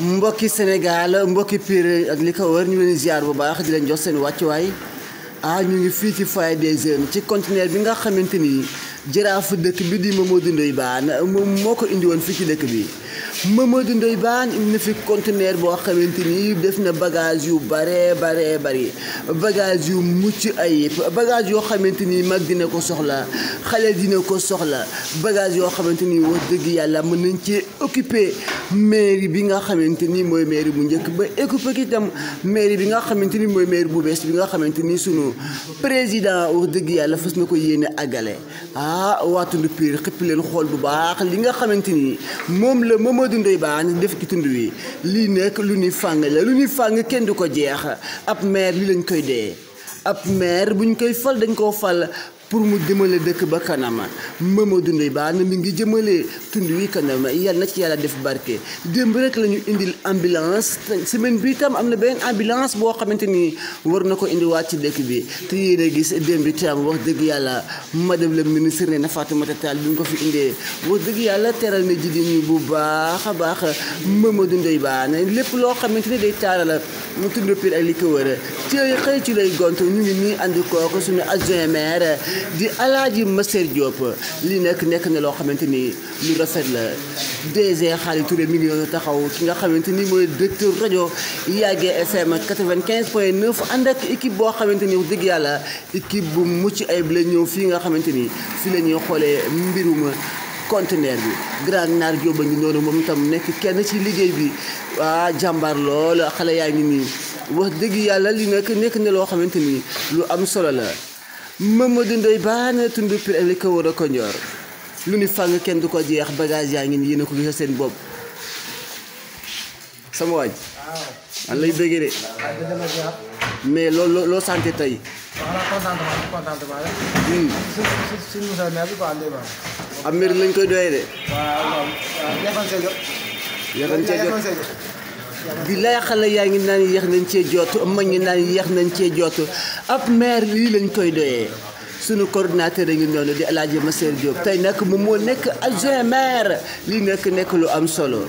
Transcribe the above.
mbokki Sénégal mbokki Pire ak li ko wër ñu leen ziar bu baax di leen jox seen wàccuwaay ah ñu ngi fii ci foyer des jeunes ci conteneur bi nga xamante ni jaraaf dëkk bi di Mamadou Ndoye Bane moom moo ko indi woon fii ci dëkk bi Mamadou Ndoye Bane indi na fi conteneur boo xamante ni def na bagage yu bare bare bari bagage yu mucc ayib bagage yoo xamante ni mag dina ko soxla xale dina ko soxla bagage yoo xamante ni wax dëgg yàlla mën nañ ci occupé mairie bi nga xamante ni mooy maire bu njëkk ba écoupé ki itam mairie bi nga xamante ni mooy maire bu bees bi nga xamante ni sunu président wax dëgg yàlla fas na ko yéene àggale ah waa tund piir xëpp leen xool bu baax li nga xamante ni moom la moom Mamadou Ndoye Bane def ki tund wi lii nekk lu ñuy fàng la lu ñuy fàng kenn du ko jeex ab maire li lañ koy dee ab maire buñ koy fal dañ koo fal pour mu jëmale dëkk ba kanama Mamadou baax na mi ngi jëmale tund wi kanama yal na ci yàlla def barke démb rek la ñu indil ambulance semaine bi tam am na benn ambulance boo xamante ni war na ko indiwaat ci dëkk bi te yéen gis démb bi tam wax dëgg yàlla ma madame la ministre ne na Fatoumata Tall bi ñu ko fi indee wax dëgg yàlla teral na jigéen ñi bu baax a baax Mamadou Ndoye Bane lépp loo xamante ni day taaral mu tund Pire ak li ko wër ci xëy ci lay di alaaji Massar Diop li nekk nekk na loo xamante ni lu rafet la DG Khaly Touré mi ngi taxaw ki nga xamante ni mooy directeur rajo Yague FM 95 point 9 ànd ak équipe boo xamante ni wax dëgg yàlla équipe bu mucc ayib la ñëw fii nga xamante ni fi la ñuy xoolee mbirum conteneur bi grand naar Diop a ngi noonu moom itam nekk kenn ci liggéey bi waa jàmbaar lool xale yaa ngi nii wax dëgg yàlla li nekk nekk na loo xamante ni lu am solo la. Mamadou Ndoye Bane tund Pirelli ko war a ko lu ni fang kenn du ko jeex bagage yaa ngi nii ko gis seen bopp sama waaj man lay bëggee de mais loo loo santé tey. am hmm. mbir lañ koy doyee de. di lay xale yaa ngi naan yéex nañ cee jot mag ñi naan yeex nañ cee jot ab maire lii lañ koy doyee sunu coordinateur a ngi noonu di El Hadj Masseer Diop tey nag moom moo nekk adjoint maire li nekk nekk lu am solo.